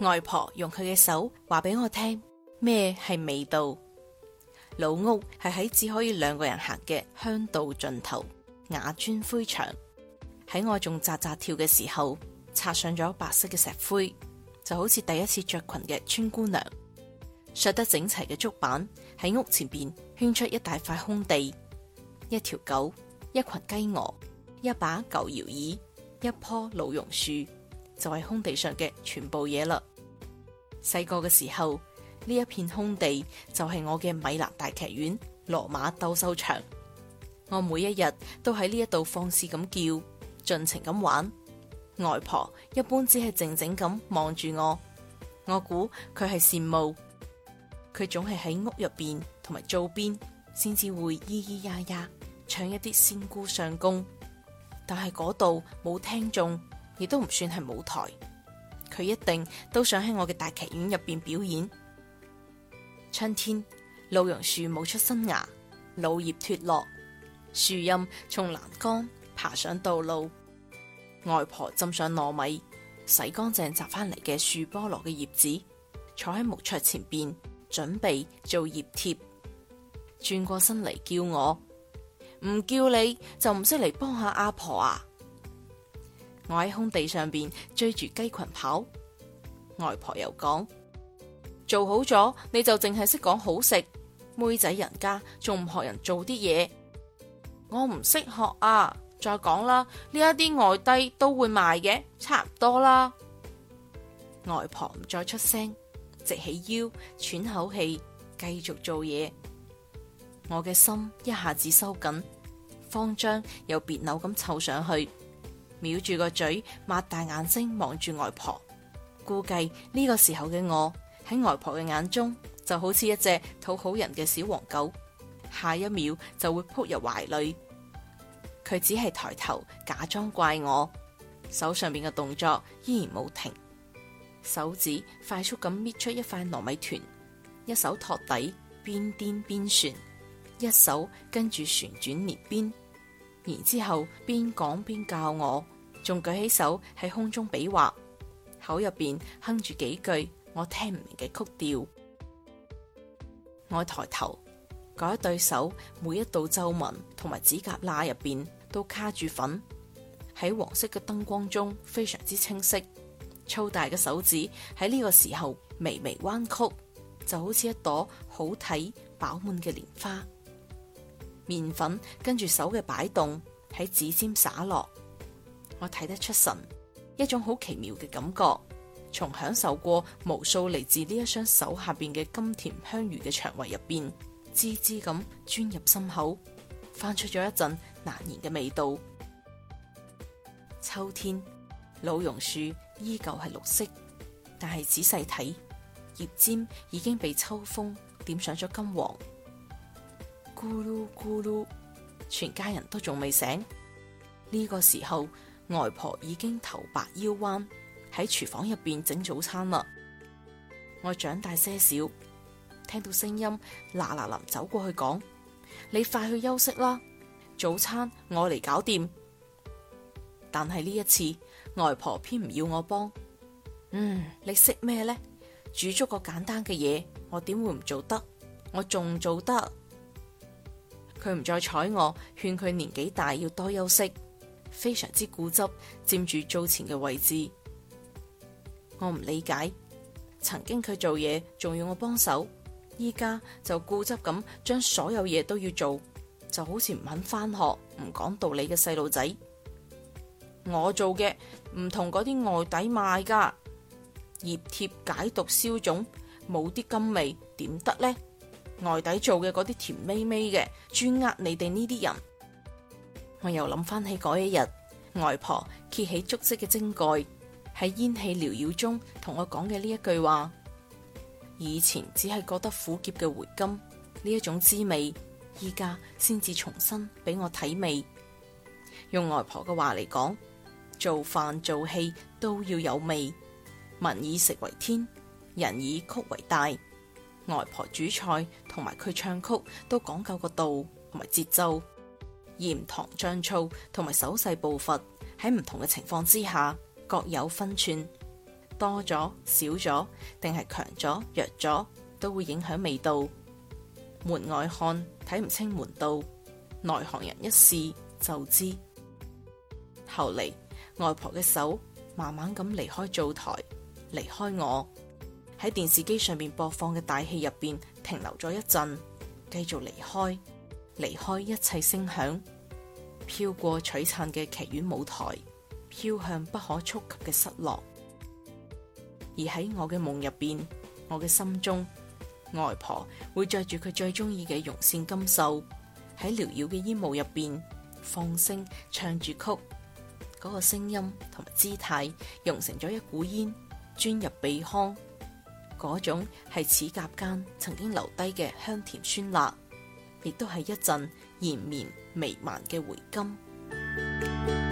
外婆用佢嘅手話俾我聽咩係味道？老屋係喺只可以兩個人行嘅鄉道盡頭，瓦磚灰牆。喺我仲扎扎跳嘅時候，擦上咗白色嘅石灰，就好似第一次着裙嘅村姑娘。削得整齊嘅竹板喺屋前邊圈出一大塊空地，一條狗，一群雞鵝，一把舊搖椅，一棵老榕樹。就係空地上嘅全部嘢嘞。細個嘅時候，呢一片空地就係我嘅米蘭大劇院、羅馬鬥獸場。我每一日都喺呢一度放肆咁叫，盡情咁玩。外婆一般只係靜靜咁望住我，我估佢係羨慕。佢總係喺屋入邊同埋灶邊，先至會咿咿呀呀唱一啲仙姑上宮。但係嗰度冇聽眾。亦都唔算係舞台，佢一定都想喺我嘅大劇院入邊表演。春天，老榕樹冒出新芽，老葉脫落，樹蔭從欄杆爬，爬上道路。外婆浸上糯米，洗乾淨摘返嚟嘅樹菠蘿嘅葉子，坐喺木桌前邊準備做葉貼。轉過身嚟叫我，唔叫你就唔識嚟幫下阿婆啊！我喺空地上邊追住雞群跑，外婆又講：做好咗你就淨係識講好食，妹仔人家仲唔學人做啲嘢？我唔識學啊！再講啦，呢一啲外地都會賣嘅，差唔多啦。外婆唔再出聲，直起腰喘口氣，繼續做嘢。我嘅心一下子收緊，慌張又別扭咁湊上去。瞄住個嘴，擘大眼睛望住外婆。估計呢個時候嘅我喺外婆嘅眼中就好似一隻討好人嘅小黃狗，下一秒就會撲入懷裏。佢只係抬頭假裝怪我，手上邊嘅動作依然冇停，手指快速咁搣出一塊糯米團，一手托底邊顛邊旋，一手跟住旋轉捏邊，然之後邊講邊教我。仲舉起手喺空中比劃，口入邊哼住幾句我聽唔明嘅曲調。我抬頭，嗰一對手每一道皺紋同埋指甲罅入邊都卡住粉，喺黃色嘅燈光中非常之清晰。粗大嘅手指喺呢個時候微微彎曲，就好似一朵好睇飽滿嘅蓮花。麵粉跟住手嘅擺動喺指尖灑落。我睇得出神，一種好奇妙嘅感覺，從享受過無數嚟自呢一雙手下邊嘅甘甜香茹嘅腸胃入邊，滋滋咁鑽入心口，翻出咗一陣難言嘅味道。秋天老榕樹依舊係綠色，但係仔細睇，葉尖已經被秋風點上咗金黃。咕嚕咕嚕，全家人都仲未醒呢個時候。外婆已經頭白腰彎，喺廚房入邊整早餐啦。我長大些少，聽到聲音，嗱嗱臨走過去講：「你快去休息啦，早餐我嚟搞掂。但係呢一次，外婆偏唔要我幫。嗯，你識咩呢？煮咗個簡單嘅嘢，我點會唔做得？我仲做得。佢唔再睬我，勸佢年紀大要多休息。非常之固執，佔住租錢嘅位置，我唔理解。曾經佢做嘢仲要我幫手，依家就固執咁將所有嘢都要做，就好似唔肯返學、唔講道理嘅細路仔。我做嘅唔同嗰啲外底賣噶，葉貼解毒消腫，冇啲金味點得呢？外底做嘅嗰啲甜味味嘅，專呃你哋呢啲人。我又諗返起嗰一日，外婆揭起竹製嘅蒸蓋，喺煙氣繚繞中同我講嘅呢一句話。以前只係覺得苦澀嘅回甘，呢一種滋味，依家先至重新俾我體味。用外婆嘅話嚟講，做飯做戲都要有味。民以食為天，人以曲為大。外婆煮菜同埋佢唱曲都講究個度同埋節奏。鹽、糖、醬、醋同埋手勢步伐，喺唔同嘅情況之下各有分寸，多咗、少咗，定係強咗、弱咗，都會影響味道。門外看，睇唔清門道，內行人一試就知。後嚟，外婆嘅手慢慢咁離開灶台，離開我，喺電視機上面播放嘅大戲入邊停留咗一陣，繼續離開。離開一切聲響，飄過璀璨嘅劇院舞台，飄向不可觸及嘅失落。而喺我嘅夢入邊，我嘅心中，外婆會着住佢最中意嘅絨線金繡，喺繚繞嘅煙霧入邊放聲唱住曲，嗰個聲音同埋姿態融成咗一股煙，鑽入鼻腔。嗰種係齒頰間曾經留低嘅香甜酸辣。亦都係一陣延綿彌漫嘅回甘。